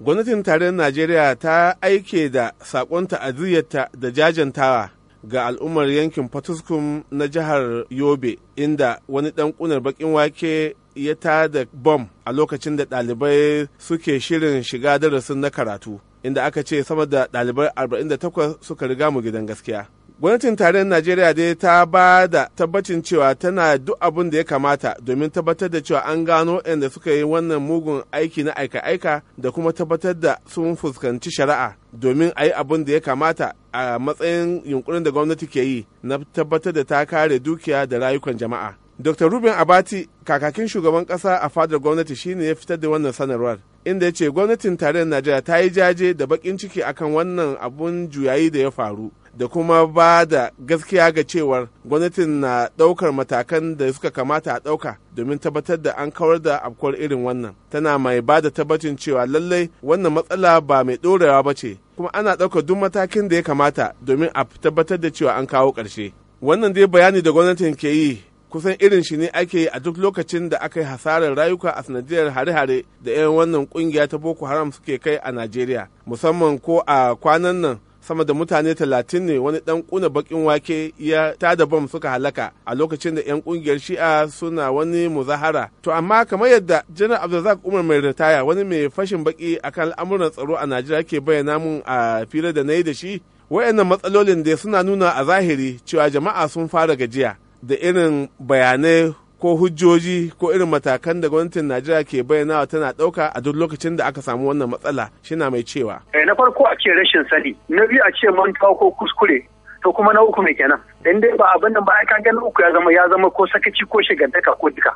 gwamnatin tarayyar najeriya ta aike da sakon aziyarta da jajantawa ga al'ummar yankin fatuskum na jihar yobe inda wani dan kunar bakin wake ya ta da bom a lokacin da ɗalibai suke shirin shiga darasin na karatu inda aka ce sama da ɗalibai 48 suka riga mu gidan gaskiya gwamnatin tarayyar najeriya dai ta ba da tabbacin cewa tana duk abin da ya kamata domin tabbatar da cewa an gano da suka yi wannan mugun aiki na aika-aika da kuma tabbatar da sun fuskanci shari'a domin a yi abin da ya kamata a matsayin yunkurin da gwamnati ke yi na tabbatar da ta kare dukiya da rayukan jama'a dr ruben abati kakakin shugaban kasa a fadar gwamnati shine ya fitar da wannan sanarwar inda ya ce gwamnatin tarayyar najeriya ta yi jaje da bakin ciki akan wannan abun juyayi da ya faru da kuma ba da gaskiya ga cewar gwamnatin na ɗaukar matakan da suka kamata a ɗauka domin tabbatar da an kawar da afkuwar irin wannan tana mai ba da tabbacin cewa lallai wannan matsala ba mai ɗorewa ba ce kuma ana ɗaukar duk matakin da ya kamata domin a tabbatar da cewa an kawo ƙarshe wannan dai bayani da gwamnatin ke yi kusan irin shi ne ake yi a duk lokacin da aka yi hasarar rayuka a sanadiyar hare-hare da 'yan wannan kungiya ta boko haram suke kai a najeriya musamman ko a kwanan nan sama da mutane talatin ne wani dan kuna bakin wake ya ta da bom suka halaka a lokacin da 'yan kungiyar shi'a suna wani muzahara to amma kamar yadda janar abdulrazak umar mai ritaya wani mai fashin baki akan al'amuran tsaro a najeriya ke bayyana mun a fira da na yi da shi wayannan matsalolin da suna nuna a zahiri cewa jama'a sun fara gajiya da irin bayanai ko hujjoji ko irin matakan da gwamnatin Najeriya ke bayyanawa tana ɗauka a duk lokacin da aka samu wannan matsala shi na mai cewa. Eh, na farko a ce rashin sani, na biyu a ce mantawa ko kuskure, to kuma na uku mai kenan. Dan dai ba abin nan ba ai kaga na uku ya zama ya zama ko sakaci ko shigantaka ko duka.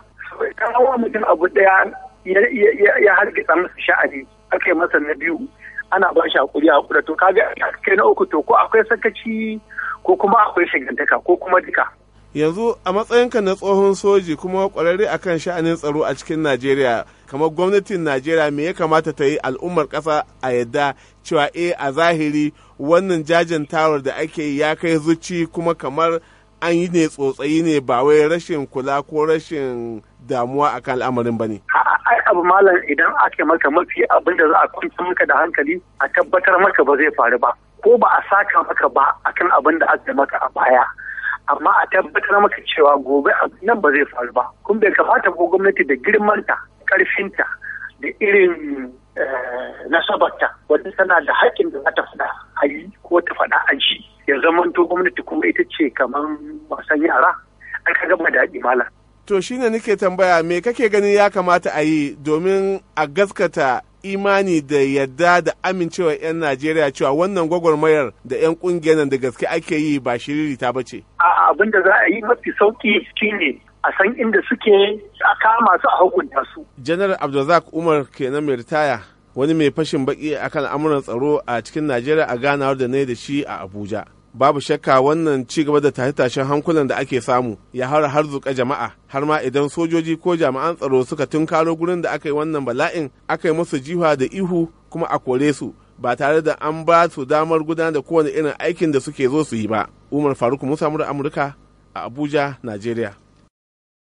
Ka hawa mutum abu ɗaya ya hargitsa masa sha'ani aka yi masa na biyu ana ba shi hakuri a hakura to ga kai na uku to ko akwai sakaci ko kuma akwai shigantaka ko kuma duka. yanzu a matsayinka na tsohon soji kuma kwararre akan sha'anin tsaro a cikin najeriya kamar gwamnatin najeriya me ya kamata ta yi al'ummar ƙasa a yadda cewa e a zahiri wannan jajin tawar da ake ya kai zuci kuma kamar an yi ne tsotsayi ne ba wai rashin kula ko rashin damuwa akan al'amarin ba ne. ai abu malam idan ake maka mafi abin da za a kwanci maka da hankali a tabbatar maka ba zai faru ba ko ba a saka maka ba akan abin da aka maka a baya amma a tabbatar maka cewa gobe nan ba zai faru ba kun bai kamata ko gwamnati da girmanta karfinta da irin eh, nasabarta wadda tana da haƙƙin da za ta faɗa a yi ko ta faɗa a ji ya to gwamnati kuma ita ce kamar wasan yara an ka gama da malam to shi shine nake tambaya me kake ganin ya kamata a yi domin a gaskata imani da yadda da amincewa 'yan Najeriya cewa wannan gwagwarmayar da 'yan kungiyar da gaske ake yi ba shiriri ta bace. abin da za a yi mafi sauki shine a san inda suke a kama su a hukunta su. Janar Abdulrazak Umar kenan mai ritaya wani mai fashin baki akan al'amuran tsaro a cikin Najeriya a ganawar da na yi da shi a Abuja. Babu shakka wannan ci gaba da tashe-tashen hankulan da ake samu ya hara har zuka jama'a har ma idan sojoji ko jami'an tsaro suka tunkaro gurin da aka yi wannan bala'in aka yi musu jiha da ihu kuma a kore su ba tare da an ba su damar gudanar da kowane irin aikin da suke zo su yi ba umar faruk musa amurka a abuja najeriya